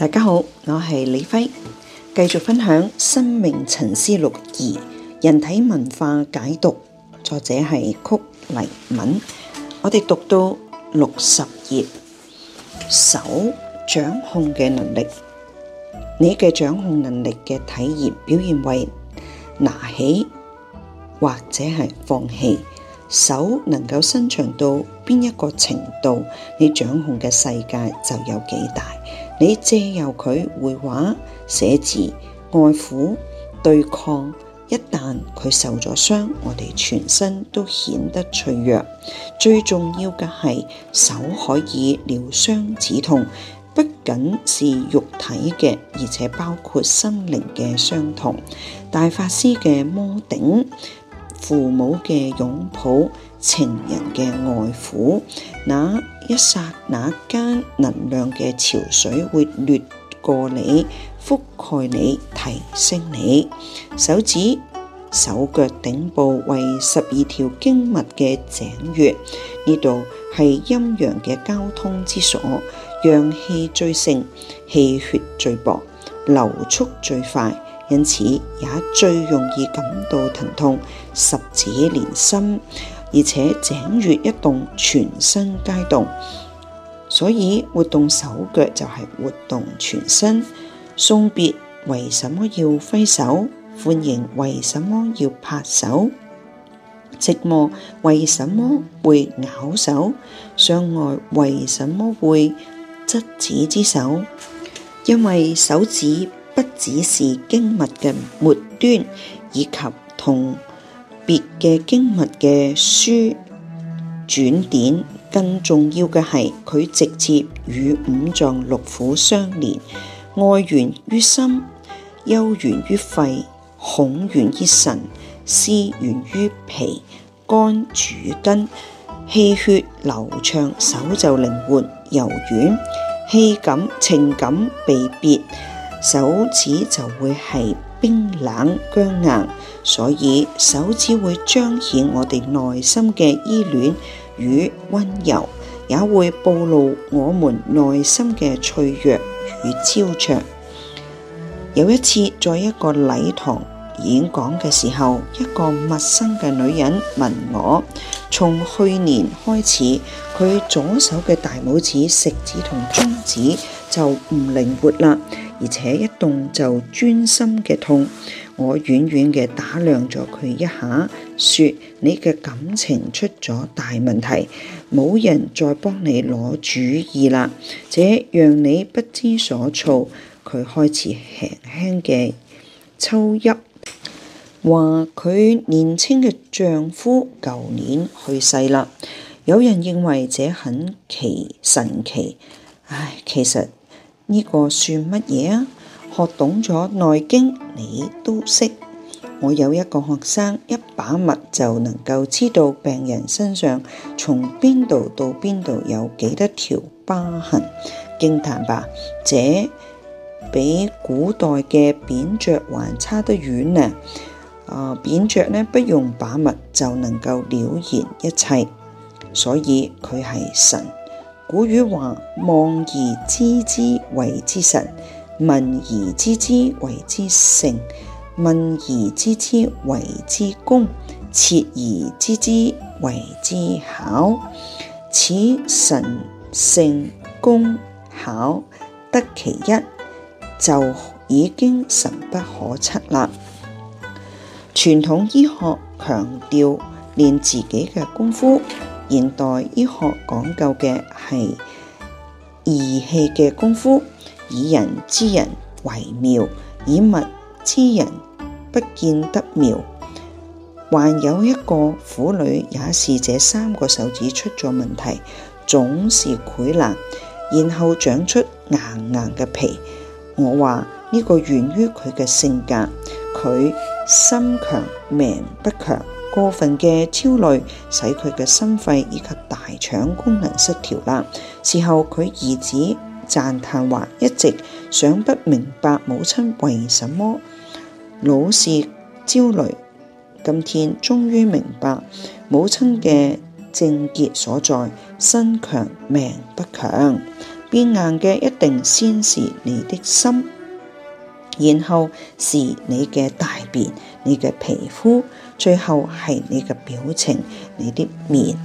大家好，我係李輝，繼續分享《生命沉思錄二人體文化解讀》，作者係曲黎敏。我哋讀到六十頁，手掌控嘅能力，你嘅掌控能力嘅體驗表現為拿起或者係放棄。手能夠伸長到邊一個程度，你掌控嘅世界就有幾大。你借由佢繪畫、寫字、愛撫、對抗，一旦佢受咗傷，我哋全身都顯得脆弱。最重要嘅係手可以療傷止痛，不僅是肉體嘅，而且包括心靈嘅傷痛。大法師嘅摸頂，父母嘅擁抱。情人嘅外苦，那一剎那間能量嘅潮水會掠過你，覆蓋你，提升你。手指、手腳頂部為十二條經脈嘅井穴，呢度係陰陽嘅交通之所，陽氣最盛，氣血最薄，流速最快，因此也最容易感到疼痛。十指連心。而且井穴一動，全身皆動，所以活動手腳就係活動全身。送別為什麼要揮手？歡迎為什麼要拍手？寂寞為什麼會咬手？相愛為什麼會執子之手？因為手指不只是經脈嘅末端，以及同。別嘅經密嘅書轉點，更重要嘅係佢直接與五臟六腑相連，愛源於心，憂源於肺，恐源於腎，思源於脾，肝主筋，氣血流暢，手就靈活柔軟，氣感情感被別。手指就會係冰冷僵硬，所以手指會彰顯我哋內心嘅依戀與溫柔，也會暴露我們內心嘅脆弱與焦灼。有一次，在一個禮堂演講嘅時候，一個陌生嘅女人問我：「從去年開始，佢左手嘅大拇指、食指同中指就唔靈活啦。而且一動就鑽心嘅痛，我遠遠嘅打量咗佢一下，說：你嘅感情出咗大問題，冇人再幫你攞主意啦，這讓你不知所措。佢開始輕輕嘅抽泣，話佢年輕嘅丈夫舊年去世啦。有人認為這很奇神奇，唉，其實。呢個算乜嘢啊？學懂咗《內經》，你都識。我有一個學生，一把脈就能夠知道病人身上從邊度到邊度有幾多條疤痕，驚歎吧！這比古代嘅扁鵲還差得遠呢。啊，扁鵲呢，不用把脈就能夠了然一切，所以佢係神。古語話：望而知之為之神，聞而知之為之聖，問而知之為之功，切而知之為之巧。此神、聖、功、巧得其一就已經神不可測啦。傳統醫學強調練自己嘅功夫。現代醫學講究嘅係儀器嘅功夫，以人知人為妙，以物知人不見得妙。還有一個婦女，也是這三個手指出咗問題，總是潰爛，然後長出硬硬嘅皮。我話呢個源於佢嘅性格，佢心強，命不強。過分嘅焦慮，使佢嘅心肺以及大腸功能失調啦。事後佢兒子讚歎話：一直想不明白母親為什麼老是焦慮，今天終於明白母親嘅症結所在。身強命不強，變硬嘅一定先是你的心，然後是你嘅大便、你嘅皮膚。最後係你嘅表情，你啲面。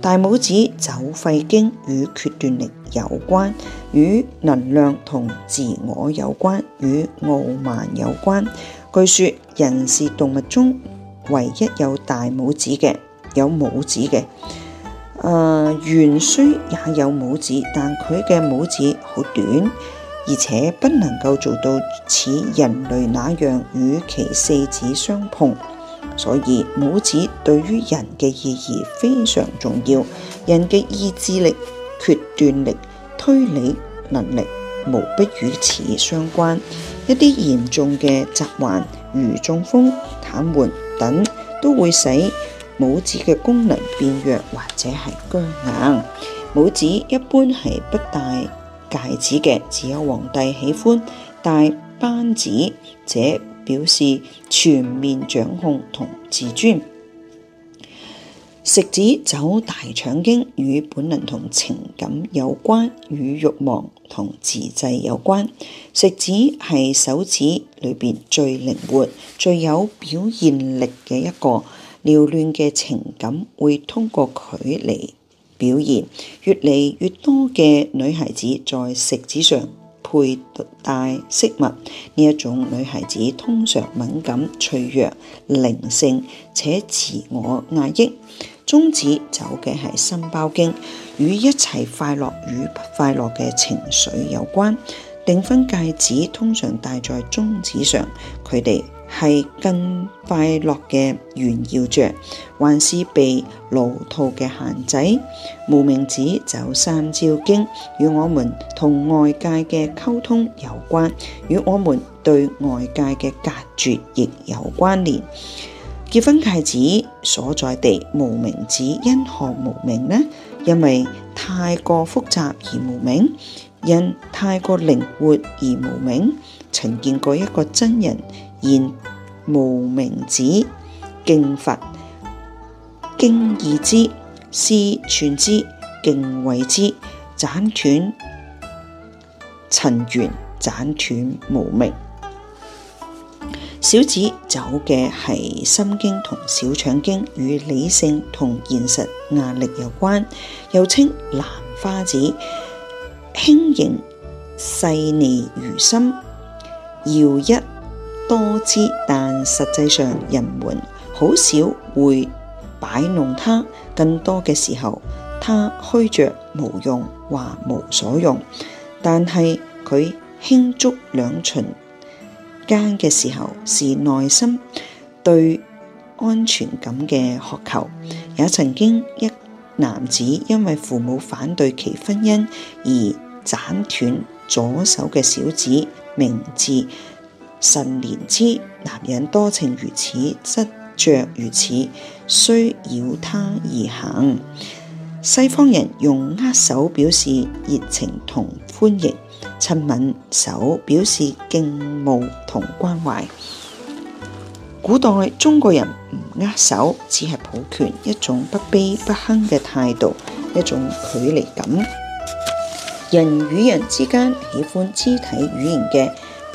大拇指走肺經，與決斷力有關，與能量同自我有關，與傲慢有關。據說人是動物中唯一有大拇指嘅，有拇指嘅。誒、呃，猿鬚也有拇指，但佢嘅拇指好短，而且不能夠做到似人類那樣與其四指相碰。所以拇指對於人嘅意義非常重要，人嘅意志力、決斷力、推理能力，無不與此相關。一啲嚴重嘅疾患，如中風、癱瘓等，都會使拇指嘅功能變弱或者係僵硬。拇指一般係不戴戒指嘅，只有皇帝喜歡戴扳指。這表示全面掌控同自尊。食指走大腸經，與本能同情感有關，與欲望同自制有關。食指係手指裏邊最靈活、最有表現力嘅一個。繚亂嘅情感會通過佢嚟表現。越嚟越多嘅女孩子在食指上。佩戴飾物呢一種女孩子通常敏感脆弱、靈性且自我壓抑。中指走嘅係心包經，與一切快樂與不快樂嘅情緒有關。訂婚戒指通常戴在中指上，佢哋。係更快樂嘅炫耀着，還是被牢套嘅限制？無名指走三焦經，與我們同外界嘅溝通有關，與我們對外界嘅隔絕亦有關聯。結婚戒指所在地無名指因何無名呢？因為太過複雜而無名，因太過靈活而無名。曾見過一個真人。言無名指敬佛經義之思傳之敬畏之，斬斷塵緣，斬斷無名。小指。走嘅係心經同小腸經，與理性同現實壓力有關，又稱蘭花指輕盈細膩如心，搖曳。多姿，但實際上人們好少會擺弄他，更多嘅時候，他虛着無用，話無所用。但係佢輕觸兩唇間嘅時候，是內心對安全感嘅渴求。也曾經一男子因為父母反對其婚姻而斬斷左手嘅小指，名字。信連之男人多情如此，執著如此，需繞他而行。西方人用握手表示熱情同歡迎，親吻手表示敬慕同關懷。古代中國人唔握手，只係抱拳，一種不卑不亢嘅態度，一種距離感。人與人之間喜歡肢體語言嘅。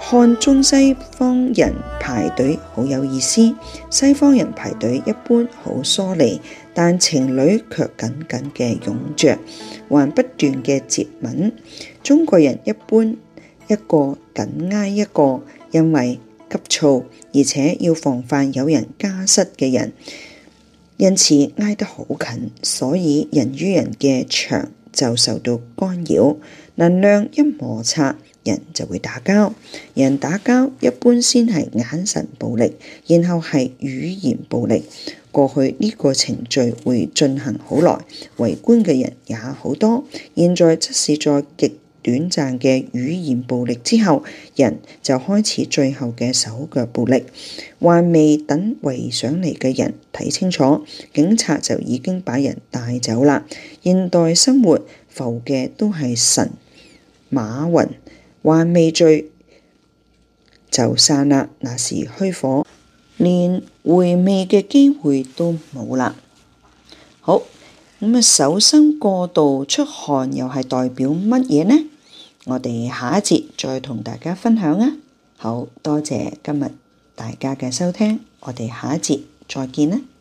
看中西方人排隊好有意思。西方人排隊一般好疏離，但情侶卻緊緊嘅擁着，還不斷嘅接吻。中國人一般一個緊挨一個，因為急躁，而且要防範有人加塞嘅人，因此挨得好近，所以人與人嘅牆就受到干擾，能量一摩擦。人就會打交，人打交一般先係眼神暴力，然後係語言暴力。過去呢個程序會進行好耐，圍觀嘅人也好多。現在即使在極短暫嘅語言暴力之後，人就開始最後嘅手腳暴力。還未等圍上嚟嘅人睇清楚，警察就已經把人帶走啦。現代生活浮嘅都係神馬雲。還未醉就散啦，那是虛火，連回味嘅機會都冇啦。好，咁啊手心過度出汗又係代表乜嘢呢？我哋下一節再同大家分享啊！好多謝今日大家嘅收聽，我哋下一節再見啦。